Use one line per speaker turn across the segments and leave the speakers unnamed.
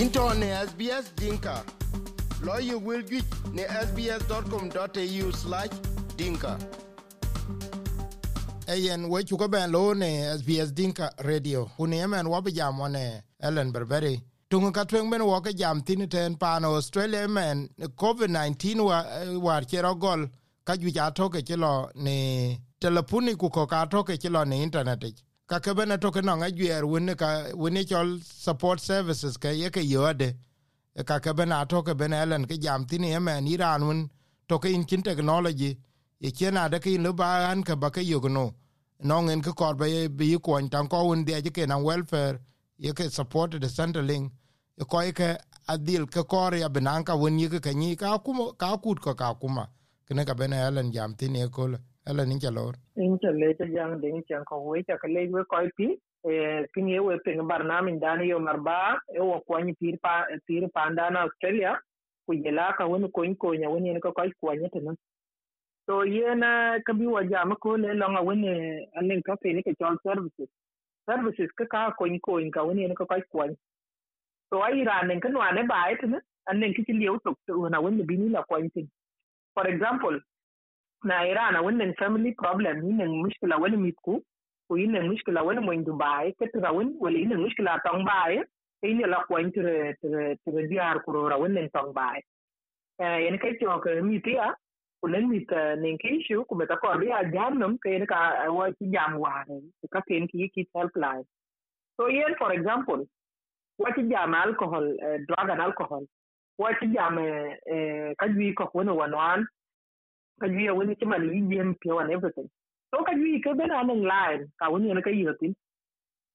into ne SBS Dinka. Lawyer will get ne sbs.com.au slash dinka. Eyen we chuko ben lo ne SBS Dinka Radio. Kuni yemen wabi jamo ne eh, Ellen Berberi. Tungu katweng ben wake jam tini ten pano Australia men COVID-19 wa, eh, war chero gol kajwich atoke chilo ni telefoni kuko ka atoke chilo ni internet ich ka ke bena to ke nga gyer won ka won chol support services ka ye ke yode e ka ke bena to bena len ke jam tin ye men iran won to in kin technology ye kena de ke lu ba an ka ba ke yugno no ngen ke kor be bi ko tan ko won de ke na welfare ye ke support the centerling e ye ko ke adil ke kor ya benan ka ye ke ni ka kuma ka kut ko ka kuma kene ka bena len jam tin ye ko ala ni jalor
in ta le ta jang ding chan ko we ta kale we ko ipi e eh, kin ye we pin barnam dani yo marba e wo ko ni pir pa pir pa na australia ku je la ka woni ko ni ko nya woni ko ko ko nya tan so ye na eh, ka bi wa jam ko le lo nga woni eh, anen ka pe ni ke chol services services ka ka ko ni ko ni ka ni ko ko ko nya so ai ra nen ka no ane ba et ne anen ki ti le utok na woni bi ni la ko ni for example na wannan family problem yinan mushkila wani mitku ko yinan mushkila wani mo indu bae ketra wani wala yinan mushkila tong bae ina la ko intre tre tre diar kurora wannan tong bae yana kai ki ko mitiya kulen mit nen ke shu ko meta ko ri ajanum ke yana ka wa ki jam ware ka ken ki ki helpline so here for example what jam alcohol drug and alcohol what jam ka jwi ko wono wanwan ka juya wani kima liyen piwan everything so kajuu ke bena nan line ka wani yana yi yotin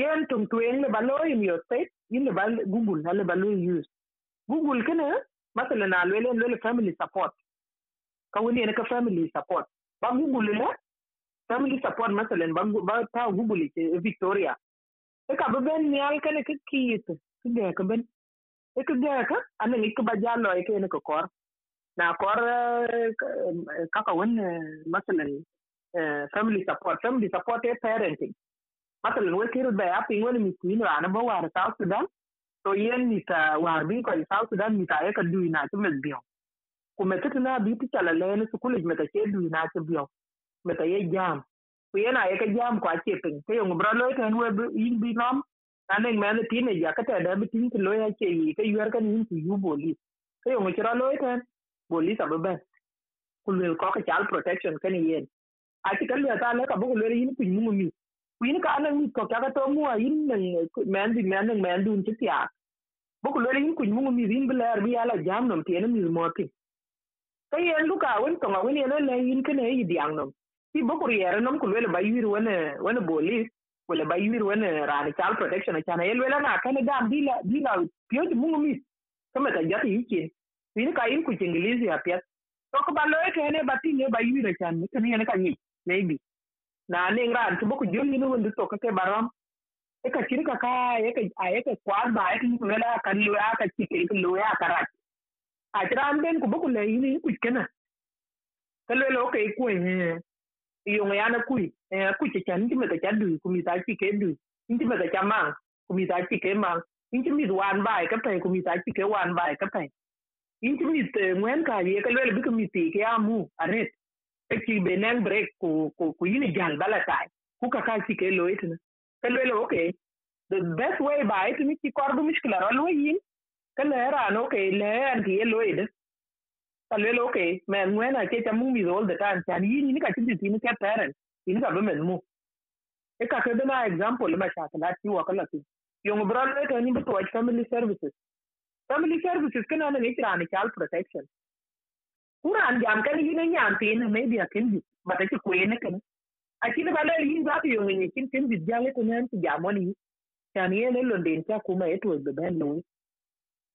yen tum tu en le balo in your state yin le bal google na le balo use google kana masala na lele lele family support ka wani yana ka family support ba google le family support masalan ba ba ta google ke e victoria e ka ba ben nyal kene ka kiyit ka ga ka ben e ka ga ka anan ka ba jalo ka yana ka kor kawar kaka wani matsalin family support family support e parenting matsalin wai kiri da ya fin wani miskin yin rana ba da South Sudan to yen ni ta war bin ko South Sudan ni ya ka duyi na tumes biyo kuma tutuna bi ti chala le ni sukuli meta ke duyi na ti biyo ta ye jam ku yana ya ka jam ko ce fin ko yi bra lo ta ni yin bi nam nan mai ti ne ya ka ta da bi ki ti lo ya ke yi ka yuar ka ni ti yu boli ko yung kira lo ta บนลิซาเบสคุณเรือก็ขยายโปรเทคชั่นแค่นี้เองอาจจะกันเรือตาแล้วกับพวกเรือยินปุ่นมุมมีวินการนึงก็แค่กระตัวมัวยินหนึ่งแมนดิแมนหนึ่งแมนดูนชิตยาพวกเรือยินปุ่นมุมมีวินเบลาร์วิอาลาจามนมเทียนมีสมอติก็ยังลูกอาวันตรงอวันนี้เราเลยยินแค่นี้ยี่ดียงนมที่พวกเรือน้องคุณเรือใบวิรุณเวนบุลีเวลาใบวิรุณรานิชาร์โปรเทคชั่นอาจารย์เอลเวลาหน้าแค่ในดามดีละดีละพี่จะมุมมีทำไมแต่ยัดยิ่งกิน tin ka ku to ko balo ke ne bati ne ba yira chan ni kan ne maybe na to ku jongi no ndu to ke baram e ka chin ka ka e ka ba e ni ne kan lo ka chi ke lo ya ka ra ah, ku ku le ni ku kana ka lo ke ku ne eh, yong yana kui kui cha chan chim ta cha du ku mi ta chi ke du chim ta cha wan wan inkimit ngwen kaye kalwel bi kimiti ke amu aret eki benang break ku ku ku yini jal bala tai ku ka ka ke lo itna kalwel okay the best way by it ni ki kordu mishkila ro lo yin kalera no ke le an ki lo ide kalwel okay men ngwen a ke tamu mi all the time chan yini ni ka ti ti ni ka parent ni ka be men mu e ka ke na example ma sha ka la ti wa kala ti yong bro le ka ni to family services family services كنا نقرا عن child protection kura an jam kan yi nan yam tin mai biya kin bi mata ki koye na kan a kin ba lai yin za ku yi mun kin kin bi jale ko nan ki jamoni kan yi ne london ta kuma ya to da ban lawi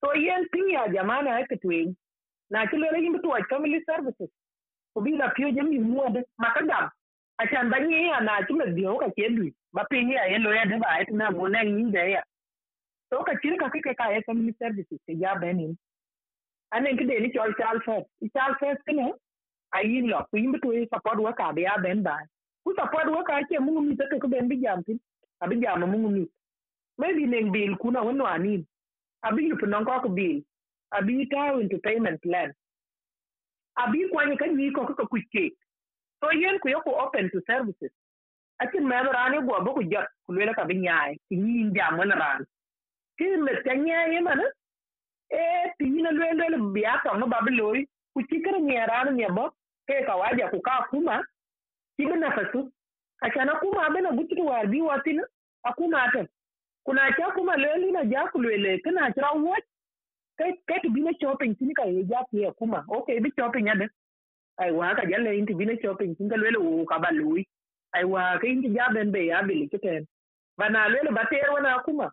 to yen tin ya jamana ya ka tuwe na ki lele yin to family services ko bi la piyo jam yi mu da maka da a can ban yi ya na ki mai biyo ka ke bi ba pin ya yelo ya da ba ya tuna mu nan yin da ya So katika kike ka SME services ke ya benin. Anen kide ni chol chal first. I chal first kine ayin lo ku yimbe tuwe support worker be ya ben ba. Ku support worker ke mungu mi tete ku ben bi jam tin. Abi jam mungu mi. Maybe neng bill kuna wenu anin. Abi yupu nongo ku bill. Abi itaw into payment plan. Abi kwanye kanyi ko kuka kuchek. So yen ku yoku open to services. Akin mero rane gwa boku jot kulwela ka binyaye. Kinyi njam wana rane. kilitanyaye mana e eh, tingina lwendele biaka no babiloi kuchikira nyarano nyabo ke kawaja kukaa kuma kibe nafasu achana kuma abena gutu warbi watina akuma ata kuna cha kuma leli na ja kulwele kana chira wat kai kai tu bina shopping tini kai ja ki kuma okay bi shopping ada ai wa ka jalle inti bina shopping tinga lwele u kabalui ai wa ka inti ja benbe ya bili kiten bana lwele bater wana kuma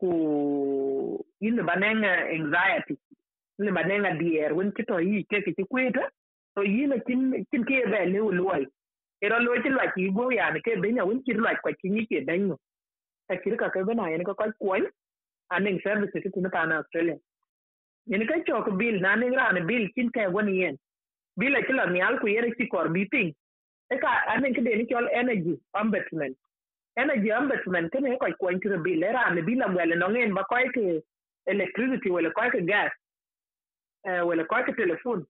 ku ile banenga anxiety ile banenga dier wen kito yi ke ke kwita to yile kin kin ke be le ulwai ero lo ti lwa ki go ya ke be nya wen kir lwa kwa ki ni ke be nyo ta e kir ka ke be na yen ka kwa kwon aning service ti kun ta na australia yen ka chok bill na ne ran bill kin ke wen yen bill a e kila ni al ku yere ki kor bi ping e ka aning ke de ni kol energy ombudsman ena jiambe tumen kene he koy kuany tire bil eraan bilam wele nongen ba koy ke electricity wele koy ke gas eh, wele koy ke telefon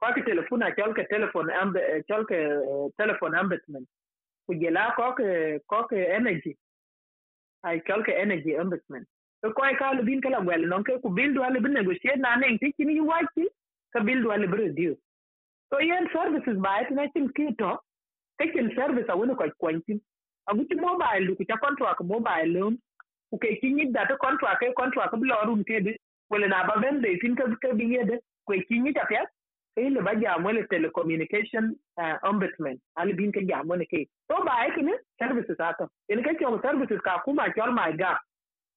koy ke telefon achol ke telephone ambe eh, chol ke eh, telephone ambetment kujela koy ke koy ke energy ai chol ke energy ambetment ko koy ka le bin kala wele non ke ku bil dwale bin negotiate na ne ti kini wachi ka bil dwale bi reduce so yen services ba et na tin kito kakin service a wani kwankwantin aguti mobile ku cha contract mobile ku ke kinyi da to contract ke contract bi lorun ke de wala na ba ben de tin ka ka bi yede ku kinyi ta pya ke le ba ja mo le telecommunication uh, ombudsman al bin ke ja mo ne ke to ba ai ne, services ato en ke ke services ka kuma chol my gap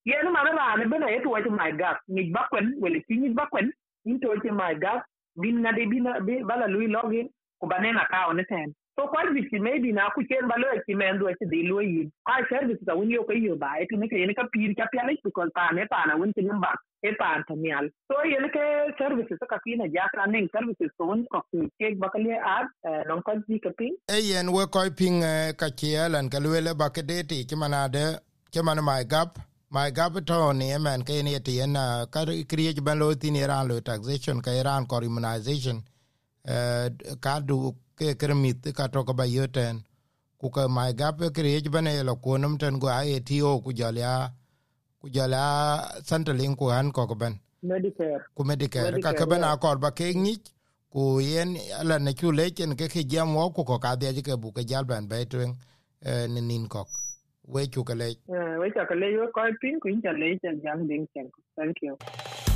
yen ma ra ne bena yetu wa my gap ni bakwen wala kinyi bakwen into ti my gas, bin na de bin bala lui login ku banena ka onetem so kwalifiki maybe na kuchen ba lo ekimen do ti dilo yi ka service ta wunyo ko yo ba eti ne ke ne ka pir ka pya ne ko pa ne pa na wun tin ba e pa ta mial so ye ne ke services ka kina ja ka ne services ko wun ko ti ke ba ka le a non ko ji ka pin
e yen we ko pin ka ti alan ka le ba ke de ti ki mana de ke mana mai gap my gabaton yemen ke ne ti na eh, kar kriye ban lo tin iran e lo taxation ka iran e ko immunization Eh, ka du ke kermit ka to ba yoten ku ka mai gap kre ye bane lo ko ten go ai ti o ku jalya ku jalya santalin ku han ko ben medicare ku medicare ka ka bana ko ba ke ni ku yen ala ne ku le ken ke ke jam wo ku ko ka de ke bu ke jal ban be ten ne nin ko we ku ka le we ka le yo ko pin ku in jal le jal jal ding thank you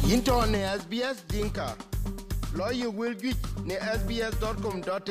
into ne sbs dinka Lawyer Wilgich ne sbs.com.au/dinka.